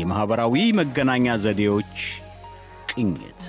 የማኅበራዊ መገናኛ ዘዴዎች ቅኝት።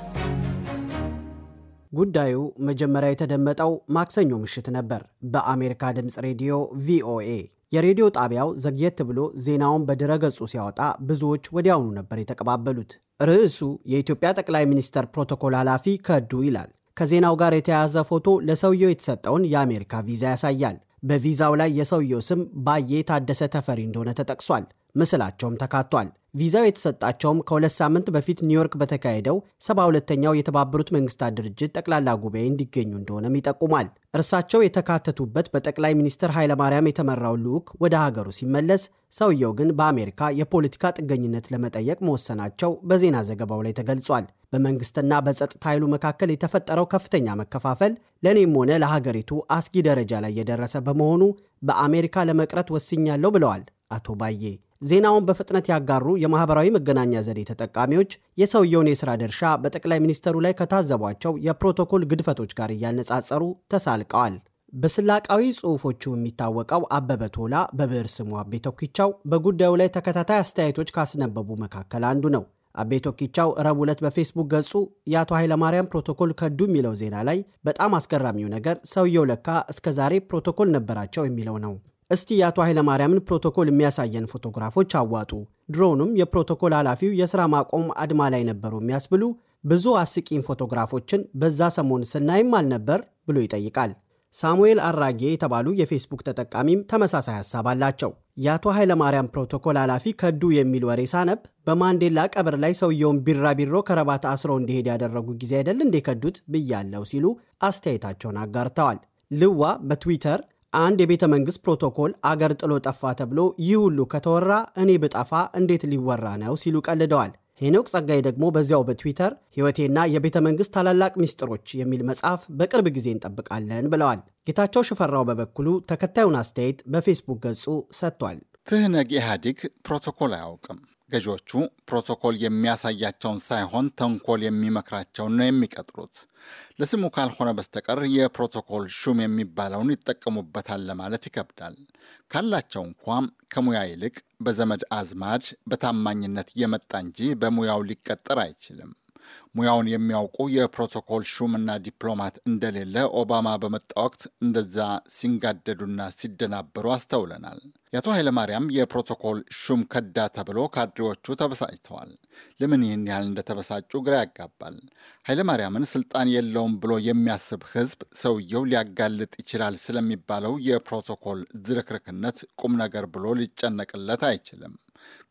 ጉዳዩ መጀመሪያ የተደመጠው ማክሰኞ ምሽት ነበር በአሜሪካ ድምፅ ሬዲዮ ቪኦኤ። የሬዲዮ ጣቢያው ዘግየት ብሎ ዜናውን በድረገጹ ሲያወጣ ብዙዎች ወዲያውኑ ነበር የተቀባበሉት። ርዕሱ የኢትዮጵያ ጠቅላይ ሚኒስተር ፕሮቶኮል ኃላፊ ከዱ ይላል። ከዜናው ጋር የተያያዘ ፎቶ ለሰውየው የተሰጠውን የአሜሪካ ቪዛ ያሳያል። በቪዛው ላይ የሰውየው ስም ባየ ታደሰ ተፈሪ እንደሆነ ተጠቅሷል። ምስላቸውም ተካቷል። ቪዛው የተሰጣቸውም ከሁለት ሳምንት በፊት ኒውዮርክ በተካሄደው ሰባ ሁለተኛው የተባበሩት መንግስታት ድርጅት ጠቅላላ ጉባኤ እንዲገኙ እንደሆነም ይጠቁማል። እርሳቸው የተካተቱበት በጠቅላይ ሚኒስትር ኃይለማርያም የተመራው ልዑክ ወደ ሀገሩ ሲመለስ፣ ሰውየው ግን በአሜሪካ የፖለቲካ ጥገኝነት ለመጠየቅ መወሰናቸው በዜና ዘገባው ላይ ተገልጿል። በመንግስትና በጸጥታ ኃይሉ መካከል የተፈጠረው ከፍተኛ መከፋፈል ለእኔም ሆነ ለሀገሪቱ አስጊ ደረጃ ላይ የደረሰ በመሆኑ በአሜሪካ ለመቅረት ወስኛለሁ ብለዋል አቶ ባዬ። ዜናውን በፍጥነት ያጋሩ የማኅበራዊ መገናኛ ዘዴ ተጠቃሚዎች የሰውየውን የሥራ ድርሻ በጠቅላይ ሚኒስትሩ ላይ ከታዘቧቸው የፕሮቶኮል ግድፈቶች ጋር እያነጻጸሩ ተሳልቀዋል። በስላቃዊ ጽሑፎቹ የሚታወቀው አበበ ቶላ በብዕር ስሙ አቤ ቶኪቻው በጉዳዩ ላይ ተከታታይ አስተያየቶች ካስነበቡ መካከል አንዱ ነው። አቤ ቶኪቻው ረቡዕ ዕለት በፌስቡክ ገጹ የአቶ ኃይለማርያም ፕሮቶኮል ከዱ የሚለው ዜና ላይ በጣም አስገራሚው ነገር ሰውየው ለካ እስከ ዛሬ ፕሮቶኮል ነበራቸው የሚለው ነው። እስቲ የአቶ ኃይለማርያምን ፕሮቶኮል የሚያሳየን ፎቶግራፎች አዋጡ፣ ድሮውንም የፕሮቶኮል ኃላፊው የሥራ ማቆም አድማ ላይ ነበሩ የሚያስብሉ ብዙ አስቂኝ ፎቶግራፎችን በዛ ሰሞን ስናይም አልነበር ብሎ ይጠይቃል። ሳሙኤል አራጌ የተባሉ የፌስቡክ ተጠቃሚም ተመሳሳይ ሐሳብ አላቸው። የአቶ ኃይለማርያም ፕሮቶኮል ኃላፊ ከዱ የሚል ወሬ ሳነብ በማንዴላ ቀብር ላይ ሰውየውን ቢራቢሮ ከረባት አስረው እንዲሄድ ያደረጉ ጊዜ አይደል እንዴ ከዱት ብያለው ሲሉ አስተያየታቸውን አጋርተዋል። ልዋ በትዊተር አንድ የቤተ መንግስት ፕሮቶኮል አገር ጥሎ ጠፋ ተብሎ ይህ ሁሉ ከተወራ እኔ ብጠፋ እንዴት ሊወራ ነው ሲሉ ቀልደዋል። ሄኖክ ጸጋይ ደግሞ በዚያው በትዊተር ህይወቴና የቤተ መንግስት ታላላቅ ሚስጥሮች የሚል መጽሐፍ በቅርብ ጊዜ እንጠብቃለን ብለዋል። ጌታቸው ሽፈራው በበኩሉ ተከታዩን አስተያየት በፌስቡክ ገጹ ሰጥቷል። ትህነግ ኢህአዲግ ፕሮቶኮል አያውቅም ገዢዎቹ ፕሮቶኮል የሚያሳያቸውን ሳይሆን ተንኮል የሚመክራቸውን ነው የሚቀጥሩት። ለስሙ ካልሆነ በስተቀር የፕሮቶኮል ሹም የሚባለውን ይጠቀሙበታል ለማለት ይከብዳል። ካላቸው እንኳ ከሙያ ይልቅ በዘመድ አዝማድ በታማኝነት የመጣ እንጂ በሙያው ሊቀጠር አይችልም። ሙያውን የሚያውቁ የፕሮቶኮል ሹምና ዲፕሎማት እንደሌለ ኦባማ በመጣ ወቅት እንደዛ ሲንጋደዱና ሲደናበሩ አስተውለናል። የአቶ ኃይለማርያም የፕሮቶኮል ሹም ከዳ ተብሎ ካድሬዎቹ ተበሳጭተዋል። ለምን ይህን ያህል እንደተበሳጩ ግራ ያጋባል። ኃይለማርያምን ስልጣን የለውም ብሎ የሚያስብ ሕዝብ ሰውየው ሊያጋልጥ ይችላል ስለሚባለው የፕሮቶኮል ዝርክርክነት ቁም ነገር ብሎ ሊጨነቅለት አይችልም።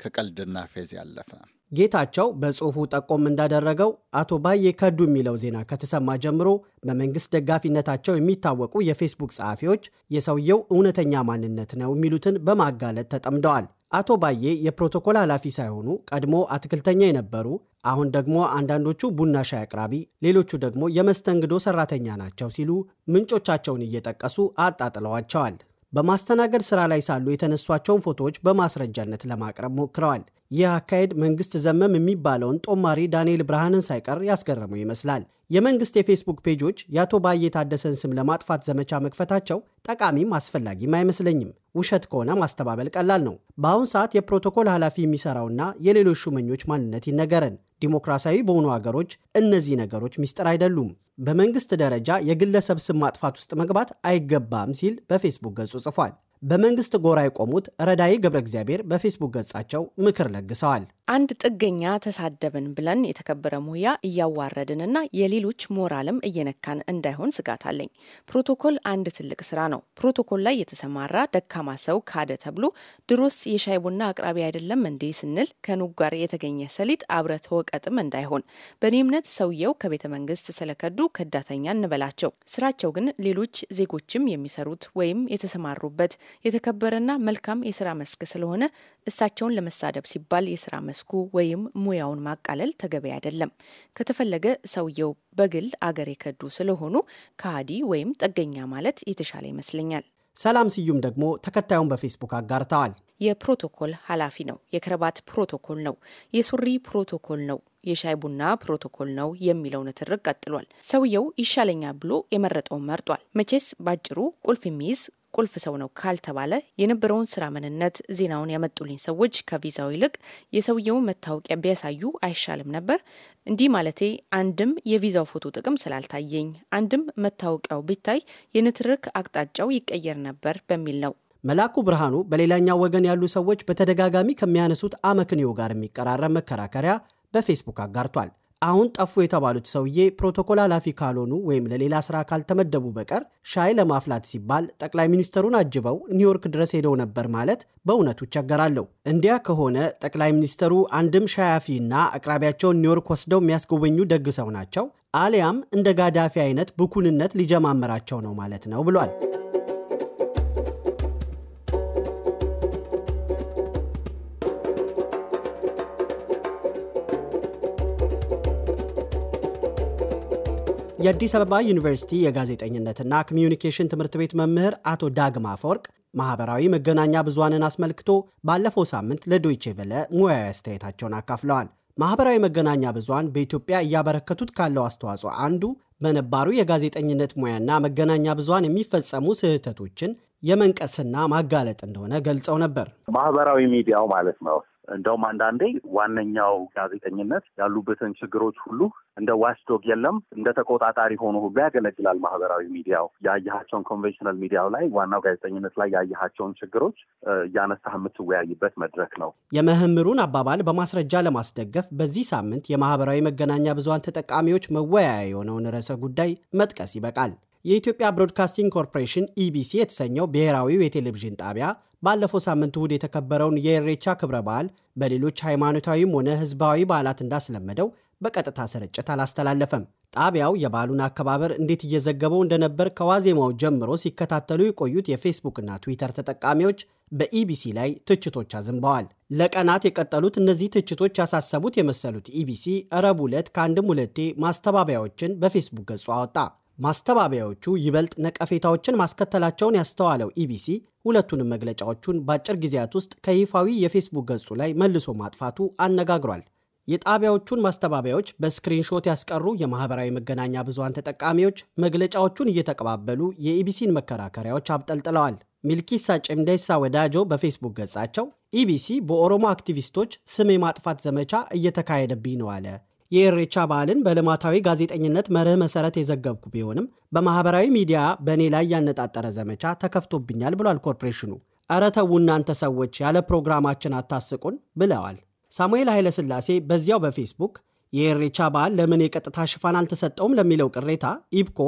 ከቀልድና ፌዝ ያለፈ ጌታቸው በጽሑፉ ጠቆም እንዳደረገው አቶ ባዬ ከዱ የሚለው ዜና ከተሰማ ጀምሮ በመንግሥት ደጋፊነታቸው የሚታወቁ የፌስቡክ ጸሐፊዎች የሰውየው እውነተኛ ማንነት ነው የሚሉትን በማጋለጥ ተጠምደዋል። አቶ ባዬ የፕሮቶኮል ኃላፊ ሳይሆኑ ቀድሞ አትክልተኛ የነበሩ አሁን ደግሞ አንዳንዶቹ ቡና ሻይ አቅራቢ፣ ሌሎቹ ደግሞ የመስተንግዶ ሰራተኛ ናቸው ሲሉ ምንጮቻቸውን እየጠቀሱ አጣጥለዋቸዋል። በማስተናገድ ስራ ላይ ሳሉ የተነሷቸውን ፎቶዎች በማስረጃነት ለማቅረብ ሞክረዋል። ይህ አካሄድ መንግስት ዘመም የሚባለውን ጦማሪ ዳንኤል ብርሃንን ሳይቀር ያስገረመው ይመስላል። የመንግስት የፌስቡክ ፔጆች የአቶ ባዬ ታደሰን ስም ለማጥፋት ዘመቻ መክፈታቸው ጠቃሚም አስፈላጊም አይመስለኝም። ውሸት ከሆነ ማስተባበል ቀላል ነው። በአሁን ሰዓት የፕሮቶኮል ኃላፊ የሚሰራውና የሌሎች ሹመኞች ማንነት ይነገረን። ዲሞክራሲያዊ በሆኑ አገሮች እነዚህ ነገሮች ሚስጥር አይደሉም። በመንግስት ደረጃ የግለሰብ ስም ማጥፋት ውስጥ መግባት አይገባም ሲል በፌስቡክ ገጹ ጽፏል። በመንግስት ጎራ የቆሙት ረዳይ ገብረ እግዚአብሔር በፌስቡክ ገጻቸው ምክር ለግሰዋል። አንድ ጥገኛ ተሳደብን ብለን የተከበረ ሙያ እያዋረድንና የሌሎች ሞራልም እየነካን እንዳይሆን ስጋት አለኝ። ፕሮቶኮል አንድ ትልቅ ስራ ነው። ፕሮቶኮል ላይ የተሰማራ ደካማ ሰው ካደ ተብሎ ድሮስ የሻይ ቡና አቅራቢ አይደለም እንዴ ስንል ከኑግ ጋር የተገኘ ሰሊጥ አብረ ተወቀጥም እንዳይሆን። በእኔ እምነት ሰውየው ከቤተ መንግስት ስለከዱ ከዳተኛ እንበላቸው። ስራቸው ግን ሌሎች ዜጎችም የሚሰሩት ወይም የተሰማሩበት የተከበረና መልካም የስራ መስክ ስለሆነ እሳቸውን ለመሳደብ ሲባል የስራ በመስኩ ወይም ሙያውን ማቃለል ተገቢ አይደለም። ከተፈለገ ሰውየው በግል አገር የከዱ ስለሆኑ ከሃዲ ወይም ጥገኛ ማለት የተሻለ ይመስለኛል። ሰላም ስዩም ደግሞ ተከታዩን በፌስቡክ አጋርተዋል። የፕሮቶኮል ኃላፊ ነው። የክረባት ፕሮቶኮል ነው። የሱሪ ፕሮቶኮል ነው። የሻይ ቡና ፕሮቶኮል ነው የሚለው ንትርክ ቀጥሏል። ሰውየው ይሻለኛል ብሎ የመረጠውን መርጧል። መቼስ ባጭሩ ቁልፍ የሚይዝ ቁልፍ ሰው ነው ካልተባለ የነበረውን ስራ ምንነት ዜናውን ያመጡልኝ ሰዎች ከቪዛው ይልቅ የሰውየውን መታወቂያ ቢያሳዩ አይሻልም ነበር? እንዲህ ማለቴ አንድም የቪዛው ፎቶ ጥቅም ስላልታየኝ፣ አንድም መታወቂያው ቢታይ የንትርክ አቅጣጫው ይቀየር ነበር በሚል ነው። መላኩ ብርሃኑ በሌላኛው ወገን ያሉ ሰዎች በተደጋጋሚ ከሚያነሱት አመክንዮ ጋር የሚቀራረብ መከራከሪያ በፌስቡክ አጋርቷል። አሁን ጠፉ የተባሉት ሰውዬ ፕሮቶኮል ኃላፊ ካልሆኑ ወይም ለሌላ ስራ ካልተመደቡ በቀር ሻይ ለማፍላት ሲባል ጠቅላይ ሚኒስትሩን አጅበው ኒውዮርክ ድረስ ሄደው ነበር ማለት በእውነቱ ይቸገራለሁ። እንዲያ ከሆነ ጠቅላይ ሚኒስተሩ አንድም ሻይ አፊና አቅራቢያቸውን ኒውዮርክ ወስደው የሚያስጎበኙ ደግ ሰው ናቸው፣ አሊያም እንደ ጋዳፊ አይነት ብኩንነት ሊጀማመራቸው ነው ማለት ነው ብሏል። የአዲስ አበባ ዩኒቨርሲቲ የጋዜጠኝነትና ኮሚዩኒኬሽን ትምህርት ቤት መምህር አቶ ዳግማ አፈወርቅ ማህበራዊ መገናኛ ብዙሃንን አስመልክቶ ባለፈው ሳምንት ለዶይቼ ቬለ ሙያዊ አስተያየታቸውን አካፍለዋል። ማህበራዊ መገናኛ ብዙሃን በኢትዮጵያ እያበረከቱት ካለው አስተዋጽኦ አንዱ በነባሩ የጋዜጠኝነት ሙያና መገናኛ ብዙሃን የሚፈጸሙ ስህተቶችን የመንቀስና ማጋለጥ እንደሆነ ገልጸው ነበር። ማህበራዊ ሚዲያው ማለት ነው እንደውም አንዳንዴ ዋነኛው ጋዜጠኝነት ያሉበትን ችግሮች ሁሉ እንደ ዋችዶግ የለም እንደ ተቆጣጣሪ ሆኖ ሁሉ ያገለግላል። ማህበራዊ ሚዲያው ያየሃቸውን ኮንቬንሽናል ሚዲያው ላይ ዋናው ጋዜጠኝነት ላይ ያየሃቸውን ችግሮች እያነሳህ የምትወያይበት መድረክ ነው። የመምህሩን አባባል በማስረጃ ለማስደገፍ በዚህ ሳምንት የማህበራዊ መገናኛ ብዙሀን ተጠቃሚዎች መወያያ የሆነውን ርዕሰ ጉዳይ መጥቀስ ይበቃል። የኢትዮጵያ ብሮድካስቲንግ ኮርፖሬሽን ኢቢሲ e የተሰኘው ብሔራዊው የቴሌቪዥን ጣቢያ ባለፈው ሳምንት እሁድ የተከበረውን የኢሬቻ ክብረ በዓል በሌሎች ሃይማኖታዊም ሆነ ህዝባዊ በዓላት እንዳስለመደው በቀጥታ ስርጭት አላስተላለፈም። ጣቢያው የበዓሉን አከባበር እንዴት እየዘገበው እንደነበር ከዋዜማው ጀምሮ ሲከታተሉ የቆዩት የፌስቡክና ትዊተር ተጠቃሚዎች በኢቢሲ ላይ ትችቶች አዝንበዋል። ለቀናት የቀጠሉት እነዚህ ትችቶች ያሳሰቡት የመሰሉት ኢቢሲ ረቡዕ ዕለት ከአንድም ሁለቴ ማስተባበያዎችን በፌስቡክ ገጹ አወጣ። ማስተባበያዎቹ ይበልጥ ነቀፌታዎችን ማስከተላቸውን ያስተዋለው ኢቢሲ ሁለቱንም መግለጫዎቹን በአጭር ጊዜያት ውስጥ ከይፋዊ የፌስቡክ ገጹ ላይ መልሶ ማጥፋቱ አነጋግሯል። የጣቢያዎቹን ማስተባበያዎች በስክሪንሾት ያስቀሩ የማህበራዊ መገናኛ ብዙሃን ተጠቃሚዎች መግለጫዎቹን እየተቀባበሉ የኢቢሲን መከራከሪያዎች አብጠልጥለዋል። ሚልኪሳ ጨምዴሳ ወዳጆ በፌስቡክ ገጻቸው ኢቢሲ በኦሮሞ አክቲቪስቶች ስም የማጥፋት ዘመቻ እየተካሄደብኝ ነው አለ። የኢሬቻ በዓልን በልማታዊ ጋዜጠኝነት መርህ መሰረት የዘገብኩ ቢሆንም በማህበራዊ ሚዲያ በእኔ ላይ ያነጣጠረ ዘመቻ ተከፍቶብኛል ብሏል ኮርፖሬሽኑ። እረ ተው እናንተ ሰዎች ያለ ፕሮግራማችን አታስቁን ብለዋል። ሳሙኤል ኃይለሥላሴ በዚያው በፌስቡክ የኢሬቻ በዓል ለምን የቀጥታ ሽፋን አልተሰጠውም ለሚለው ቅሬታ ኢብኮ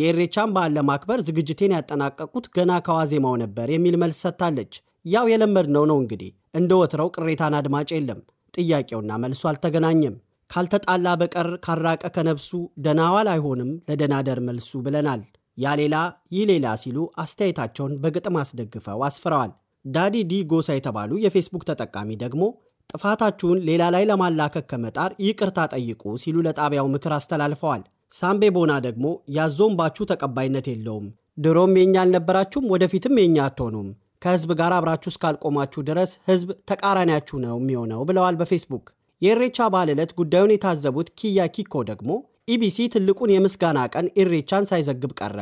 የኢሬቻን በዓል ለማክበር ዝግጅቴን ያጠናቀቁት ገና ከዋዜማው ነበር የሚል መልስ ሰጥታለች። ያው የለመድነው ነው እንግዲህ። እንደ ወትረው ቅሬታን አድማጭ የለም። ጥያቄውና መልሱ አልተገናኘም። ካልተጣላ በቀር ካራቀ ከነብሱ ደናዋል አይሆንም ለደናደር መልሱ ብለናል። ያ ሌላ ይህ ሌላ ሲሉ አስተያየታቸውን በግጥም አስደግፈው አስፍረዋል። ዳዲ ዲ ጎሳ የተባሉ የፌስቡክ ተጠቃሚ ደግሞ ጥፋታችሁን ሌላ ላይ ለማላከክ ከመጣር ይቅርታ ጠይቁ ሲሉ ለጣቢያው ምክር አስተላልፈዋል። ሳምቤ ቦና ደግሞ ያዞምባችሁ ተቀባይነት የለውም፣ ድሮም የኛ አልነበራችሁም፣ ወደፊትም የኛ አትሆኑም። ከህዝብ ጋር አብራችሁ እስካልቆማችሁ ድረስ ህዝብ ተቃራኒያችሁ ነው የሚሆነው ብለዋል በፌስቡክ የኢሬቻ በዓል ዕለት ጉዳዩን የታዘቡት ኪያ ኪኮ ደግሞ ኢቢሲ ትልቁን የምስጋና ቀን ኢሬቻን ሳይዘግብ ቀረ።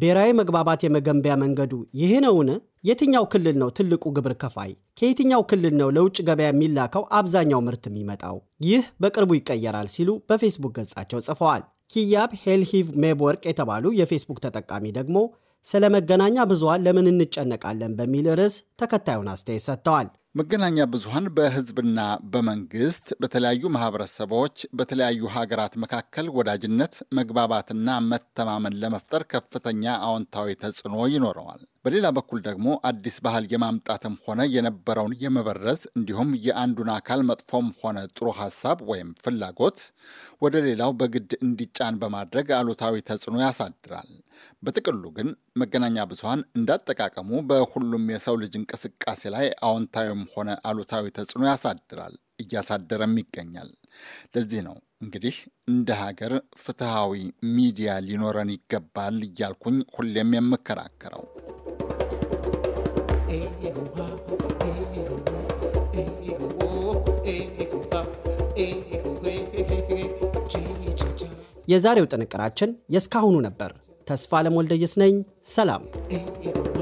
ብሔራዊ መግባባት የመገንቢያ መንገዱ ይህ ነውን? የትኛው ክልል ነው ትልቁ ግብር ከፋይ? ከየትኛው ክልል ነው ለውጭ ገበያ የሚላከው አብዛኛው ምርት የሚመጣው? ይህ በቅርቡ ይቀየራል ሲሉ በፌስቡክ ገጻቸው ጽፈዋል። ኪያብ ሄልሂቭ ሜብወርቅ የተባሉ የፌስቡክ ተጠቃሚ ደግሞ ስለ መገናኛ ብዙሃን ለምን እንጨነቃለን በሚል ርዕስ ተከታዩን አስተያየት ሰጥተዋል። መገናኛ ብዙሀን በህዝብና በመንግስት በተለያዩ ማህበረሰቦች በተለያዩ ሀገራት መካከል ወዳጅነት፣ መግባባትና መተማመን ለመፍጠር ከፍተኛ አዎንታዊ ተጽዕኖ ይኖረዋል። በሌላ በኩል ደግሞ አዲስ ባህል የማምጣትም ሆነ የነበረውን የመበረዝ እንዲሁም የአንዱን አካል መጥፎም ሆነ ጥሩ ሀሳብ ወይም ፍላጎት ወደ ሌላው በግድ እንዲጫን በማድረግ አሉታዊ ተጽዕኖ ያሳድራል። በጥቅሉ ግን መገናኛ ብዙሀን እንዳጠቃቀሙ በሁሉም የሰው ልጅ እንቅስቃሴ ላይ አዎንታዊም ሆነ አሉታዊ ተጽዕኖ ያሳድራል፣ እያሳደረም ይገኛል። ለዚህ ነው እንግዲህ እንደ ሀገር ፍትሐዊ ሚዲያ ሊኖረን ይገባል እያልኩኝ ሁሌም የምከራከረው። የዛሬው ጥንቅራችን የእስካሁኑ ነበር። ተስፋ ለሞልደየስ ነኝ። ሰላም።